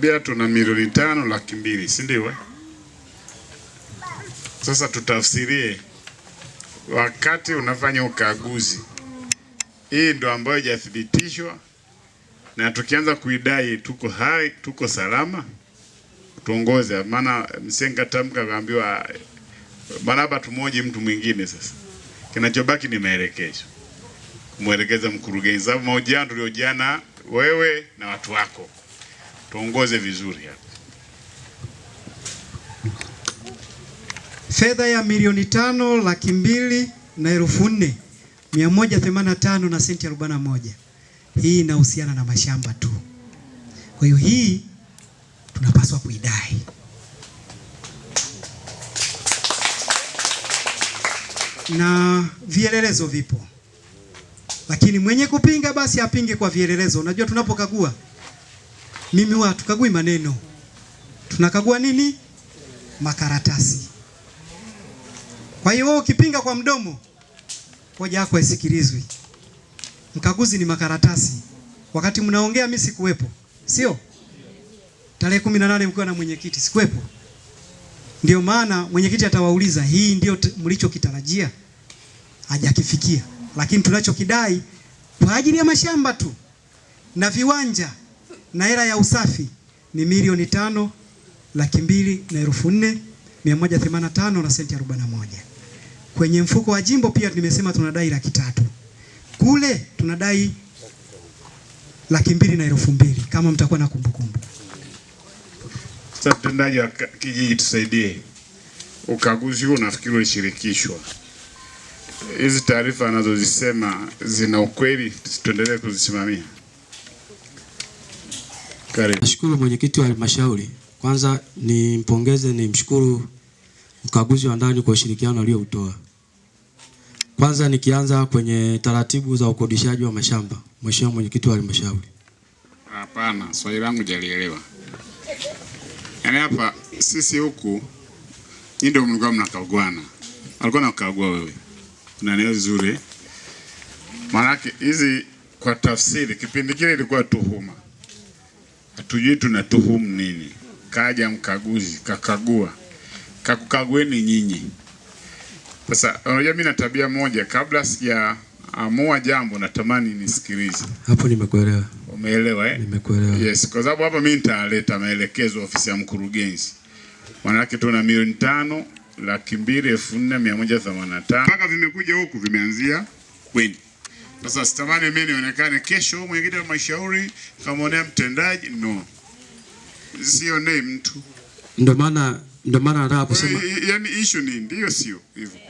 Bia tuna milioni tano laki mbili, si ndio? Eh? Sasa tutafsirie, wakati unafanya ukaguzi, hii ndo ambayo ijathibitishwa, na tukianza kuidai tuko hai, tuko salama, tuongoze. Maana msengatamka kaambiwa maraba, tumoje mtu mwingine. Sasa kinachobaki ni maelekezo, kumwelekeza mkurugenzi, sababu mahojiano tuliojana wewe na watu wako tuongoze vizuri hapa. Fedha ya milioni tano laki mbili na elfu nne mia moja themanini na tano na senti arobaini na moja hii inahusiana na mashamba tu. Kwa hiyo hii tunapaswa kuidai. na vielelezo vipo, lakini mwenye kupinga basi apinge kwa vielelezo. Unajua tunapokagua mimi huwa hatukagui maneno, tunakagua nini? Makaratasi. Kwa hiyo wewe ukipinga kwa mdomo, hoja yako haisikilizwi. Mkaguzi ni makaratasi. Wakati mnaongea mimi sikuwepo, sio? Tarehe kumi na nane mkiwa na mwenyekiti sikuwepo. Ndio maana mwenyekiti atawauliza hii ndio mlichokitarajia, hajakifikia. Lakini tunachokidai kwa ajili ya mashamba tu na viwanja na hela ya usafi ni milioni tano laki mbili na elfu nne mia moja themanini na tano na senti arobaini na moja. Kwenye mfuko wa jimbo pia nimesema tunadai laki tatu kule tunadai laki mbili na elfu mbili kama mtakuwa na kumbukumbu. Sasa mtendaji wa kijiji tusaidie, ukaguzi huu nafikiri ulishirikishwa. Hizi taarifa anazozisema zina ukweli, tuendelee kuzisimamia. Karibu. Nashukuru mwenyekiti wa halmashauri, kwanza nimpongeze, mshukuru mkaguzi wa ndani kwa ushirikiano aliyoutoa. Kwanza nikianza kwenye taratibu za ukodishaji wa mashamba, mheshimiwa mwenyekiti wa halmashauri. Hapana, swali langu jalielewa. Yaani hapa sisi huku ni ndio mlikuwa mnakagwana. Alikuwa nakagua wewe. Una neno nzuri. Maana hizi kwa tafsiri kipindi kile ilikuwa tuhuma hatujui tunatuhumu nini. Kaja mkaguzi kakagua, kakukagueni nyinyi. Sasa unajua, mimi na tabia moja, kabla sijaamua jambo natamani nisikilize. Hapo nimekuelewa. Umeelewa eh? Nimekuelewa. Yes, kwa sababu hapa mimi nitaleta maelekezo ofisi ya mkurugenzi. Manake tuna milioni tano laki mbili elfu nne mia moja themanini na tano mpaka vimekuja huku vimeanzia kwenda sasa sitamani mimi nionekane kesho huyu wa mashauri kamwonea mtendaji no. Sio name mtu. Ndio maana ndio maana nataka kusema. Yaani issue ni ndio sio hivyo.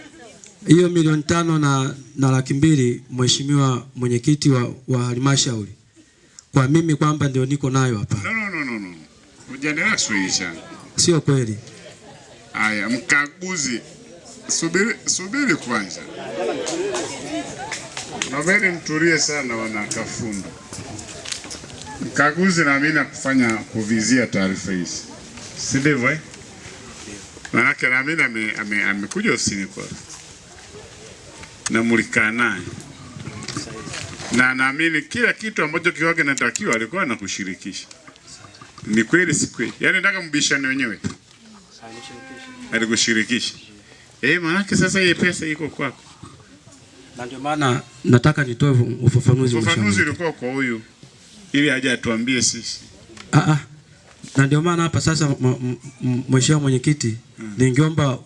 Hiyo milioni tano na, na laki mbili mheshimiwa mwenyekiti wa, wa halmashauri. Kwa mimi kwamba ndio niko nayo hapa. No no no no no. Mjadala Sio kweli. Aya, mkaguzi. Subiri subiri kwanza. Naombeni mtulie sana, wanakafundo mkaguzi, naamini akufanya kuvizia taarifa hizi, si ndivyo eh? Manake naamini amekuja ofisini kwa na mulikaa naye na naamini kila kitu ambacho kiwake natakiwa alikuwa anakushirikisha. Ni kweli si kweli? Yaani nataka mbishane wenyewe. Alikushirikisha. Eh, manake sasa hii pesa iko kwako na ndio maana nataka nitoe ufafanuzi. Ufafanuzi ulikuwa kwa huyu ili aje atuambie sisi. Ah ah. Na ndio maana hapa sasa, mheshimiwa mwenyekiti, hmm. ningeomba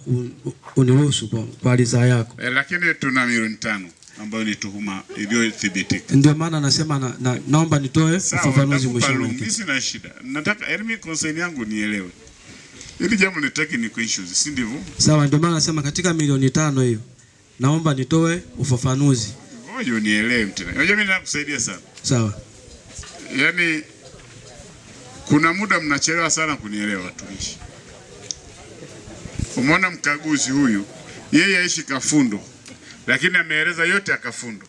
uniruhusu kwa ridhaa yako. e, Lakini tuna milioni tano ambayo ni tuhuma iliyothibitika. Ndio maana nasema na, na, naomba nitoe ufafanuzi mheshimiwa Mimi Sina shida. Nataka elimi eh, concern yangu nielewe. Ili jambo ni technical issues, si ndivyo? Sawa, ndio maana nasema katika milioni tano hiyo naomba nitoe ufafanuzi. Ngoja unielewe mtena. Unajua mimi nakusaidia sana. Sawa. Yaani kuna muda mnachelewa sana kunielewa watumishi. Umeona mkaguzi huyu yeye aishi Kafundo, lakini ameeleza yote ya Kafundo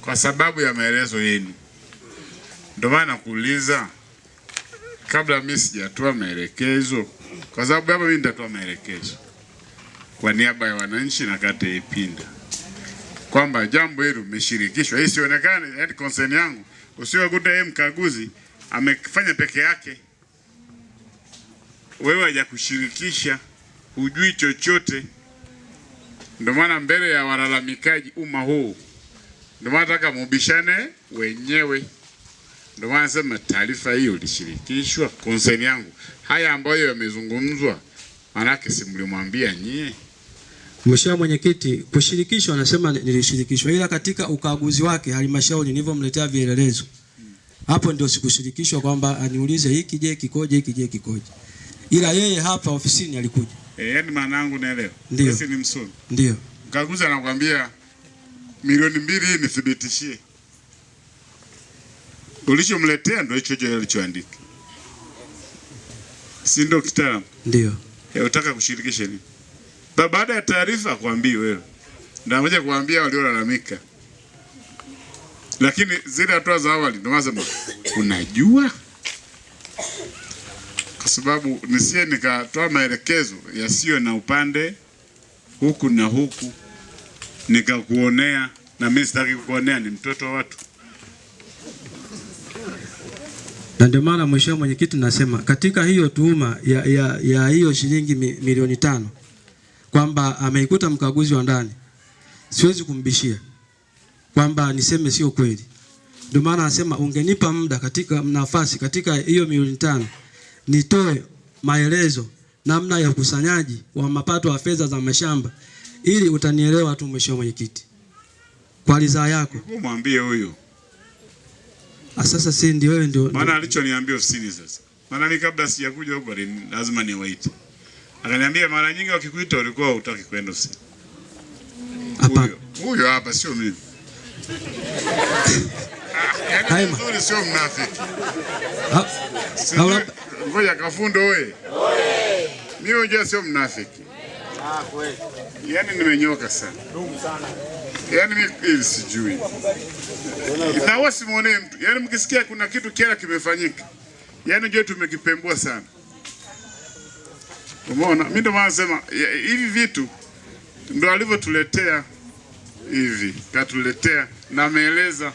kwa sababu ya maelezo yenu. Ndio maana nakuuliza kabla mimi sijatoa maelekezo, kwa sababu hapa mimi nitatoa maelekezo kwa niaba ya wananchi na kata ya Ipinda kwamba jambo hilo limeshirikishwa. Hii sionekane hadi yaani concern yangu, usiokuta yeye mkaguzi amefanya peke yake, wewe hajakushirikisha, hujui chochote. Ndio maana mbele ya walalamikaji umma huu, ndio maana nataka mubishane wenyewe. Ndio maana nasema taarifa hiyo ilishirikishwa, concern yangu haya ambayo yamezungumzwa, maanake simlimwambia nyie. Mheshimiwa Mwenyekiti, kushirikishwa, anasema nilishirikishwa, ila katika ukaguzi wake halmashauri nilivyomletea vielelezo hapo ndio sikushirikishwa kwamba aniulize hiki je, kikoje, hiki je, kikoje, ila yeye hapa ofisini alikuja. E, yaani maana yangu naelewa, Ndio. sisi ni msomi, ndio mkaguzi anakuambia milioni mbili hii nithibitishie, ulichomletea ndio hicho jeu alichoandika, si ndio? Kitaalamu ndio. Eh, unataka kushirikisha nini? Sasa baada ya taarifa kuambii wewe na moja kuambia waliolalamika, lakini zile hatua za awali ndio nasema unajua, kwa sababu nisie nikatoa maelekezo yasiyo na upande huku na huku nikakuonea, na mimi sitaki kukuonea, ni mtoto wa watu na ndio maana mheshimiwa mwenyekiti, nasema katika hiyo tuhuma ya, ya, ya hiyo shilingi milioni tano kwamba ameikuta mkaguzi wa ndani, siwezi kumbishia kwamba niseme sio kweli. Ndio maana anasema ungenipa muda katika nafasi katika hiyo milioni tano nitoe maelezo namna ya ukusanyaji wa mapato ya fedha za mashamba ili utanielewa tu, mheshimiwa mwenyekiti, kwa ridhaa yako. Mwambie huyo ah, sasa, si ndio wewe ndio maana alichoniambia ofisini. Sasa maana ni kabla sijakuja huko lazima niwaite. Akaniambia mara nyingi wakikuita ulikuwa hutaki kwenda usiku. Huyo huyo hapa sio mimi. Yaani nzuri sio mnafiki. Ngoja Kafundo wewe. Mimi hujua sio mnafiki. Ah kweli. Yaani nimenyoka sana. Ndugu sana. Yaani mimi hivi sijui. Na wasimuonee mtu. Yaani mkisikia kuna kitu kile kimefanyika. Yaani je tumekipembua sana. Umeona, mimi ndio maana nasema hivi vitu ndio alivyotuletea hivi, katuletea na ameeleza.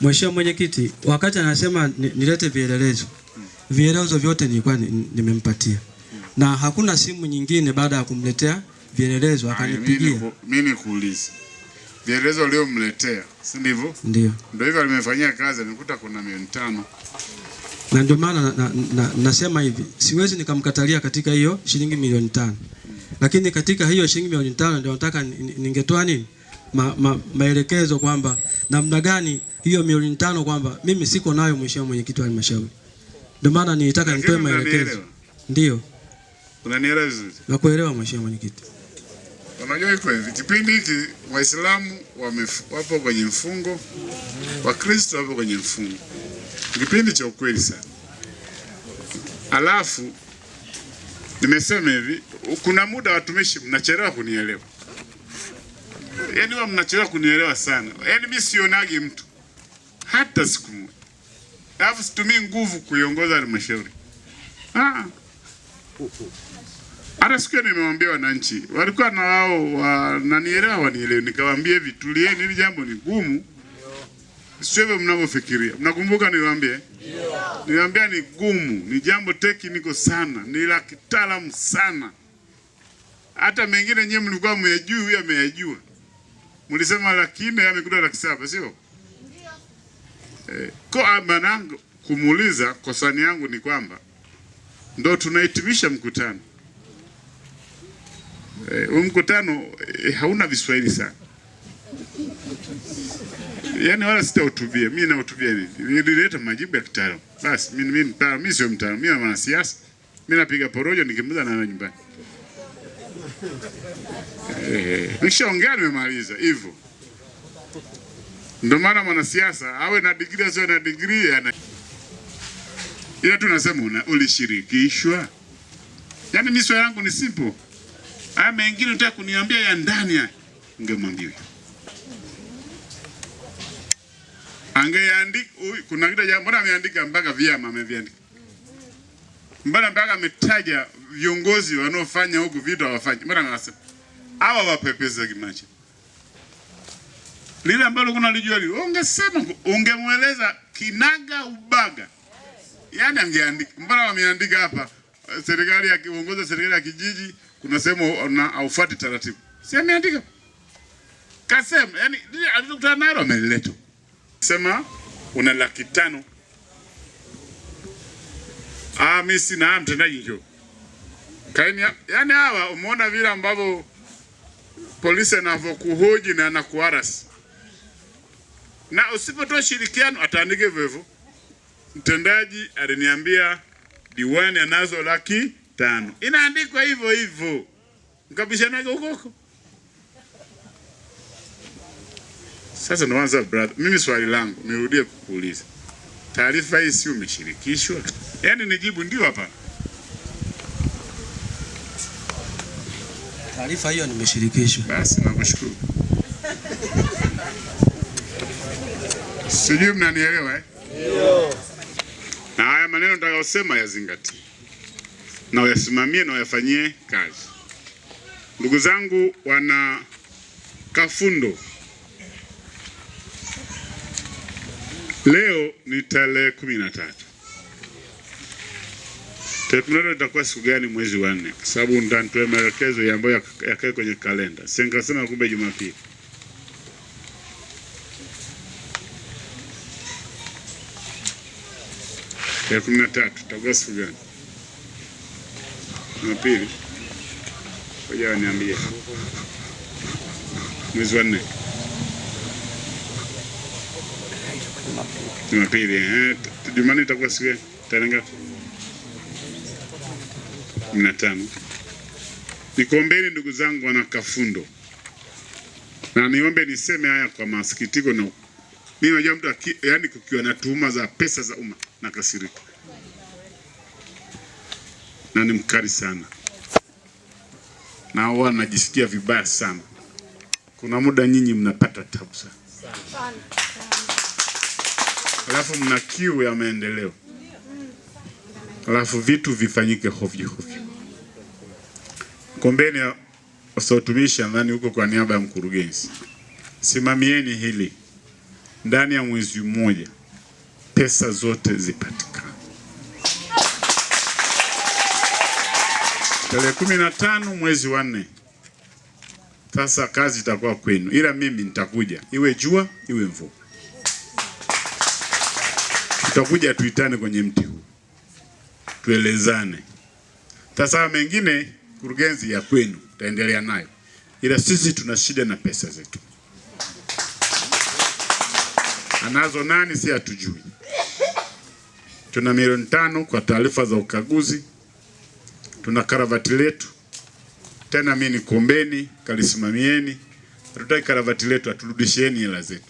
Mheshimiwa Mwenyekiti, wakati anasema nilete vielelezo, vielelezo vyote nilikuwa nimempatia na hakuna simu nyingine baada ya kumletea vielelezo akanipigia. Mimi nikuulize, vielelezo aliyomletea, si ndivyo? Ndio, ndio hivyo alimefanyia kazi, nikuta kuna milioni tano na ndio maana na, na, nasema hivi siwezi nikamkatalia katika hiyo shilingi milioni tano, lakini katika hiyo shilingi milioni tano ndio nataka ningetoa nini ma, ma, maelekezo kwamba namna gani hiyo milioni tano kwamba mimi siko nayo, mheshimiwa mwenyekiti wa halmashauri. Ndio maana nilitaka nitoe maelekezo. Ndio, unanielewa vizuri? Nakuelewa mheshimiwa mwenyekiti. Unajua iko hivi, kipindi hiki Waislamu wapo kwenye mfungo, Wakristo wapo kwenye mfungo kipindi cha ukweli sana. Alafu nimesema hivi, kuna muda watumishi mnachelewa kunielewa, yaani wa mnachelewa kunielewa sana, yaani mimi sionagi mtu hata siku moja, alafu situmii nguvu kuiongoza halmashauri ah. Hata siku nimewaambia wananchi walikuwa na wao wananielewa, wanielewe, nikawaambia hivi, tulieni, hili jambo ni gumu Sivyo mnavyofikiria. Mnakumbuka niliwaambia? Niwaambia ni gumu, ni jambo tekniko sana, ni la kitaalamu sana. Hata mengine nyewe mlikuwa mmeyajua, huyu ameyajua. Mlisema laki nne amekuta laki saba, sio? Eh, kwa ah, maana kumuuliza kosani yangu ni kwamba ndo tunahitimisha mkutano. Eh, mkutano eh, hauna viswahili sana yani wala sitautuvia mimi, nautuvia hivi, nilileta majibu ya kitaalamu basi. Mimi mimi mtaalamu, mimi sio mtaalamu, mimi na siasa, mimi napiga porojo nikimuza na nyumbani nikishaongea nimemaliza. Hivyo ndio maana mwanasiasa awe na degree, asiwe na degree ana ila tu nasema una ulishirikishwa. Yani mimi yangu ni simple, haya mengine unataka kuniambia ya ndani, ya ungemwambia angeandika huyu, kuna kitu cha mbona ameandika mpaka vyama ameviandika, mbona mpaka ametaja viongozi wanaofanya huku vitu hawafanyi, mbona anasema hawa wapepeza kimacho lile ambalo kuna lijua lile, ungesema ungemweleza kinaga ubaga, yani angeandika. Mbona wameandika hapa eh, serikali ya kiongoza serikali ya kijiji, kuna sehemu na haufuati taratibu, si ameandika kasema, yani alilokutana nalo amelileta sema una laki tano. Ah, mimi sina mtendaji hiyo. Kaini, yani hawa umeona vile ambavyo polisi anavyokuhoji na anakuarasi. Na usipotoa shirikiano ataandike vevu. Mtendaji aliniambia diwani anazo laki tano. Inaandikwa hivyo hivyo. Mkabishanaje huko huko? Sasa naanza brother, mimi swali langu nirudie kukuuliza, taarifa hii si umeshirikishwa? Yaani nijibu ndio hapa. Taarifa hiyo nimeshirikishwa. Basi nakushukuru. Sijui mnanielewa eh? Ndio. Na haya maneno nitakayosema yazingatie na uyasimamie na uyafanyie kazi. Ndugu zangu wana Kafundo Leo ni tarehe kumi na tatu. Tarehe itakuwa siku gani? Mwezi wa nne, kwa sababu nitatoa maelekezo ambayo yakae kwenye kalenda. Sikasema kumbe Jumapili. Tarehe kumi na tatu itakuwa siku gani? Jumapili. Ngoja mwezi wa nne. Jumapili. Eh, Jumanne itakuwa siku tarehe ngapi? Nikuombeni ndugu zangu wana Kafundo, na niombe niseme haya kwa masikitiko, na mimi najua mtu yani, kukiwa na tuhuma za pesa za umma na kasirika, na ni mkali sana na wanajisikia vibaya sana. Kuna muda nyinyi mnapata tabu sana alafu mna kiu ya maendeleo, alafu vitu vifanyike hovyo hovyo. Kombeni wasiotumishi, nadhani huko kwa niaba ya mkurugenzi, simamieni hili ndani ya mwezi mmoja, pesa zote zipatikane. Tarehe kumi na tano mwezi wa nne, sasa kazi itakuwa kwenu, ila mimi nitakuja, iwe jua iwe mvua tutakuja tuitane kwenye mti huu tuelezane. Sasa mengine kurugenzi ya kwenu taendelea nayo, ila sisi tuna shida na pesa zetu. Anazo nani? Si hatujui. Tuna milioni tano kwa taarifa za ukaguzi, tuna karavati letu tena. Mimi nikombeni, kalisimamieni, hatutaki karavati letu, haturudishieni hela zetu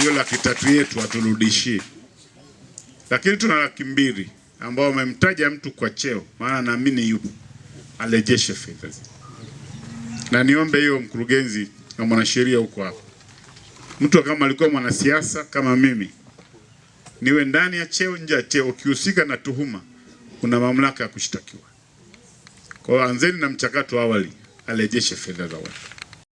hiyo laki tatu yetu haturudishi, lakini tuna laki mbili ambao wamemtaja mtu kwa cheo, maana naamini yupo, arejeshe fedha. Na niombe hiyo mkurugenzi na mwanasheria huko hapo, mtu kama alikuwa mwanasiasa kama mimi, niwe ndani ya cheo, nje ya cheo, ukihusika na tuhuma kuna mamlaka ya kushtakiwa. Kwa hiyo anzeni na mchakato awali, arejeshe fedha za watu.